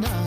night.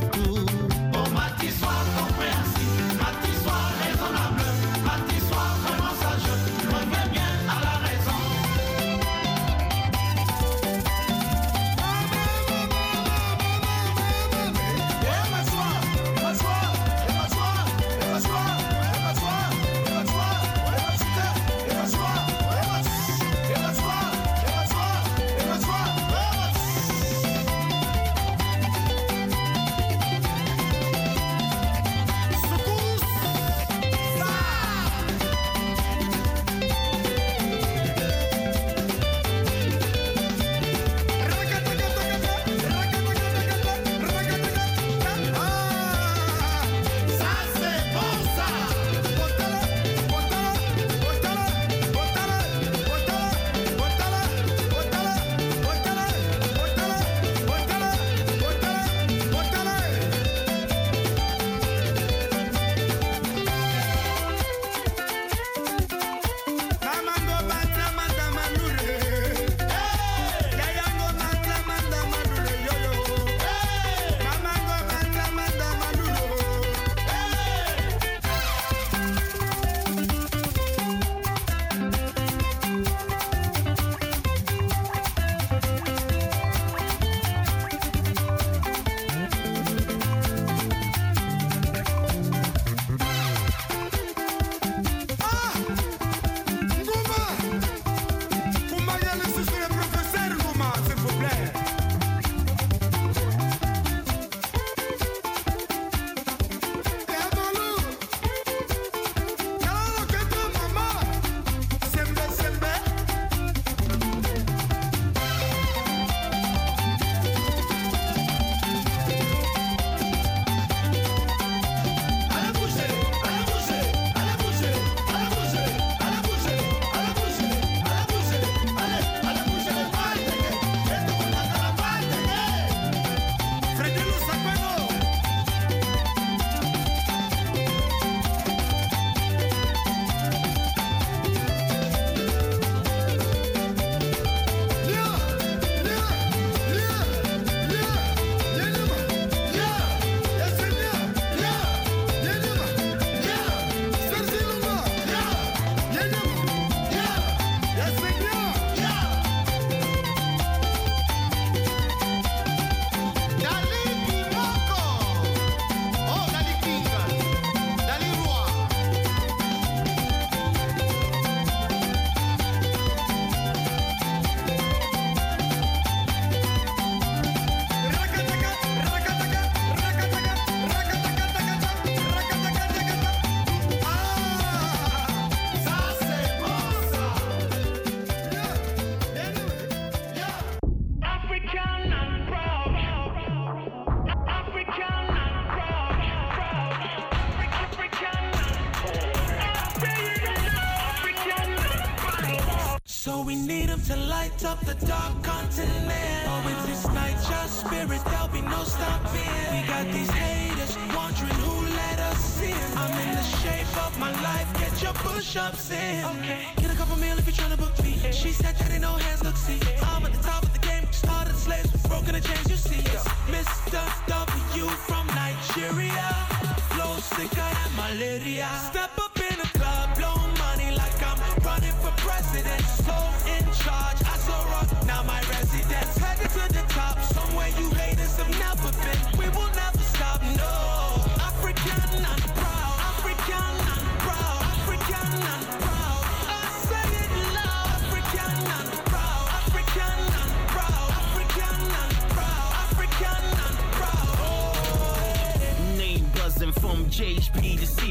malaria. Step up in the club, blow money like I'm running for president. So in charge, I so rock, now my residence. Headed to the top, somewhere you haters have never been.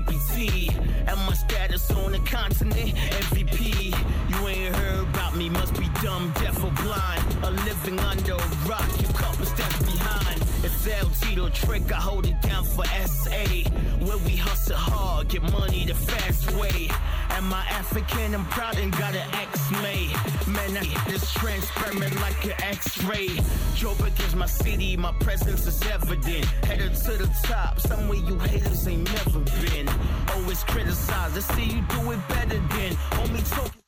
LGBT. And my status on the continent, MVP. You ain't heard about me, must be dumb, deaf, or blind. A living under a rock, you couple steps behind. It's LG the trick, I hold it down for SA. Where we hustle hard, get money the fast way. Am I African? I'm proud and got an X made. Man, I this transparent like an X ray. Joe is my city, my presence is evident. Headed to the top, somewhere you haters ain't never been. Always criticized, I see you do it better than. Homie, talking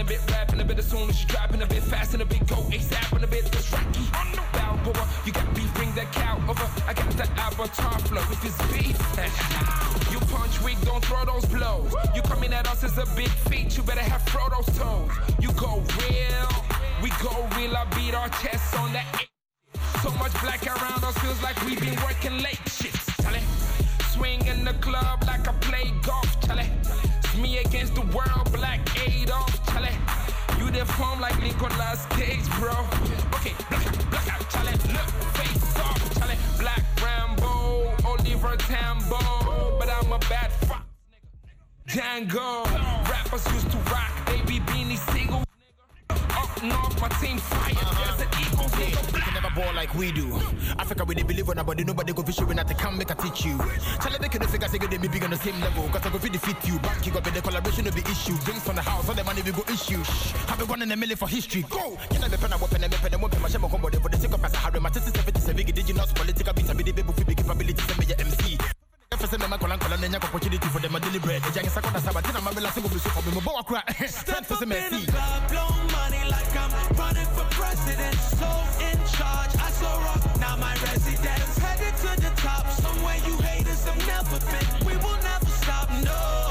a bit, rapping a bit as soon as you dropping a bit fast and a bit go ASAP and a bit it's Rocky on the Balboa. You got beef, bring that cow over. I got that avatar flow. If it's beef, you punch weak, don't throw those blows. You coming at us as a big feat, you better have Frodo's toes. You go real, we go real. I beat our chests on that. So much black around us feels like we've been working late. Shit, Charlie. Swing in the club like I play golf, Charlie me against the world, black Adolf, Charlie, You deform like Nicolas Cage, bro. Okay, black, black out, chale. Look, face off, Charlie. Black Rambo, Oliver Tambo. But I'm a bad fox, Django. Rappers used to rock, baby beanie single. Up north, my team fire. There's an eagle here ball like we do. Africa, we they believe on nobody, nobody go fish when I can make I teach you. Charlie, they can't figure say they be big on the same level. Cause I go feed defeat you. Back you got the collaboration of be issue. Drinks from the house, all the money we go issue. Shh, have been one in a million for history. Go! Can I be pen and weapon and weapon and weapon? My shame on combo, for the sake of my Sahara, my sister's 77, did you not political beats? I be the baby, capability, send me your MC. I them a and then you opportunity for them deliberate. The a me my Step blow money like I'm running for president. So in charge, I saw rock, now my residence. Headed to the top, somewhere you haters have never been. We will never stop, no.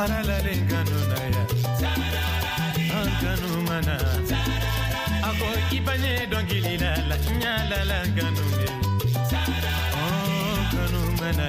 saralale nganuna ya nganu mana ako ipanye dongili la la nyala la nganu nganu mana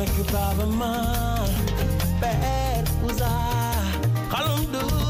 Sakıbabıma Ben uzak Kalımdır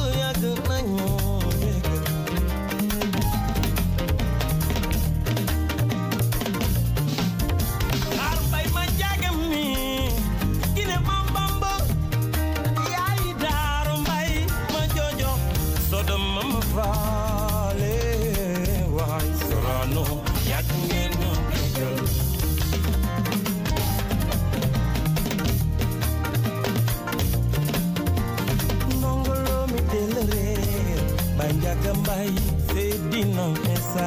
ay se dina esa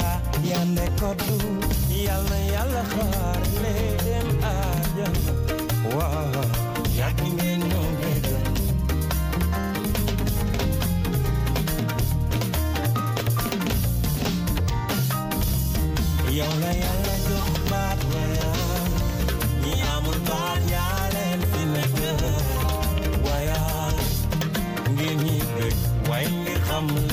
yande kodu yalla yalla xaar leen ajal wa yak la wa fi wa ñi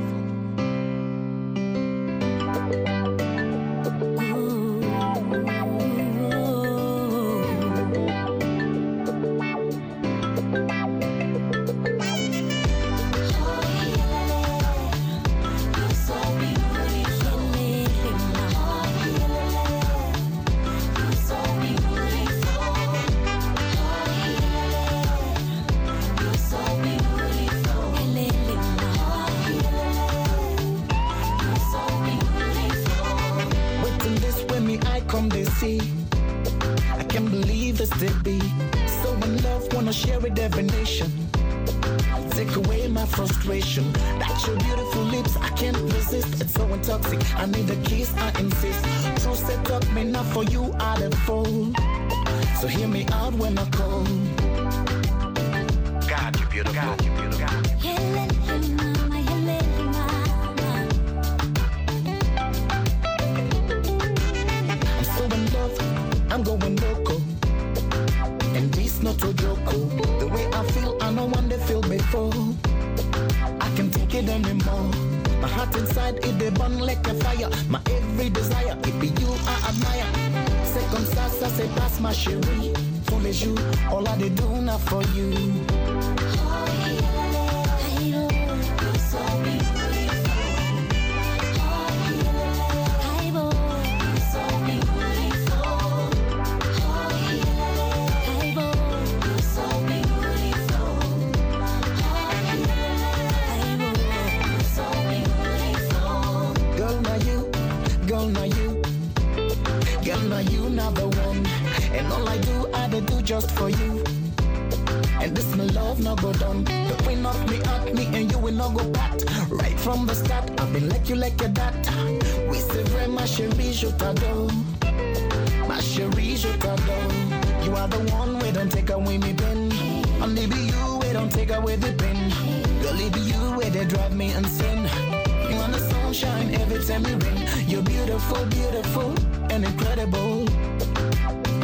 see. I can't believe this to be. So in love, wanna share with every nation. Take away my frustration. That's your beautiful lips, I can't resist. It's so intoxicating. I need a kiss, I insist. True set up me not for you, I will unfold. So hear me out when I call. God, you beautiful. God, you heart inside, it they burn like a fire. My every desire, it be you I admire. Second comme ça, ça se my cherry. chérie. you, all I do now for you. just for you. And this my love no go done. The queen of me at me and you will not go back. Right from the start, I've been like you like a dad. We say very ma chérie, je t'adore. My chérie, je t'adore. You are the one we don't take away me pen. Only be you we don't take away the pen. Girl, it be you where they drive me insane. You want the sunshine every time you rain. You're beautiful, beautiful and incredible.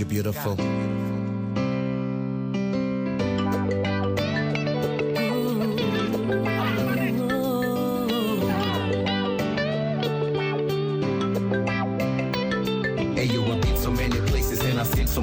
you're beautiful.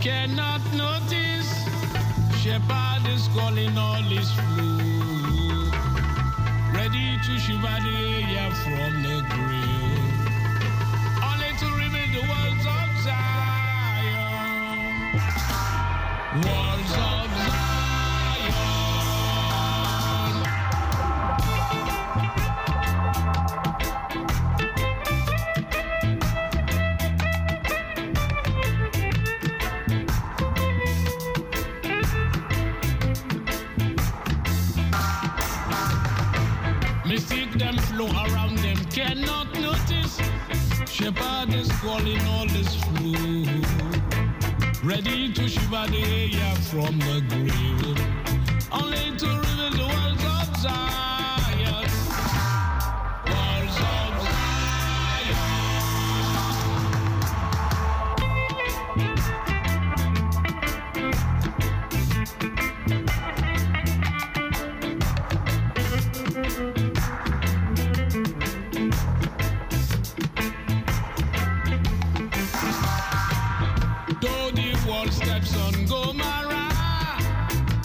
cannot notice shepherd is calling all his flu ready to shiver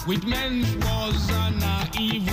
with men was a naive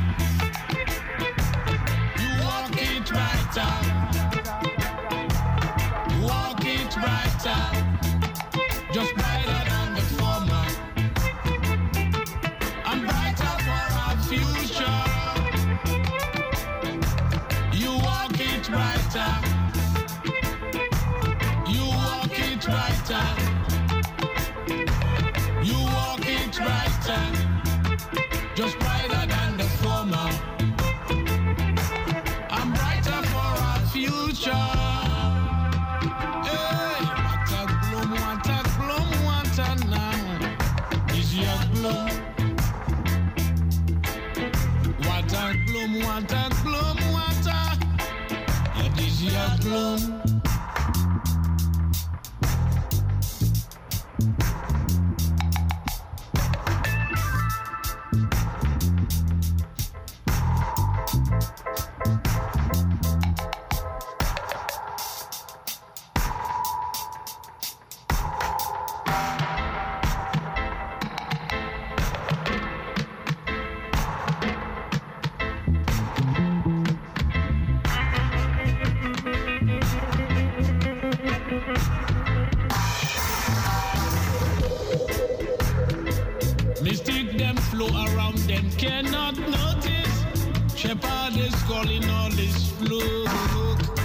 time.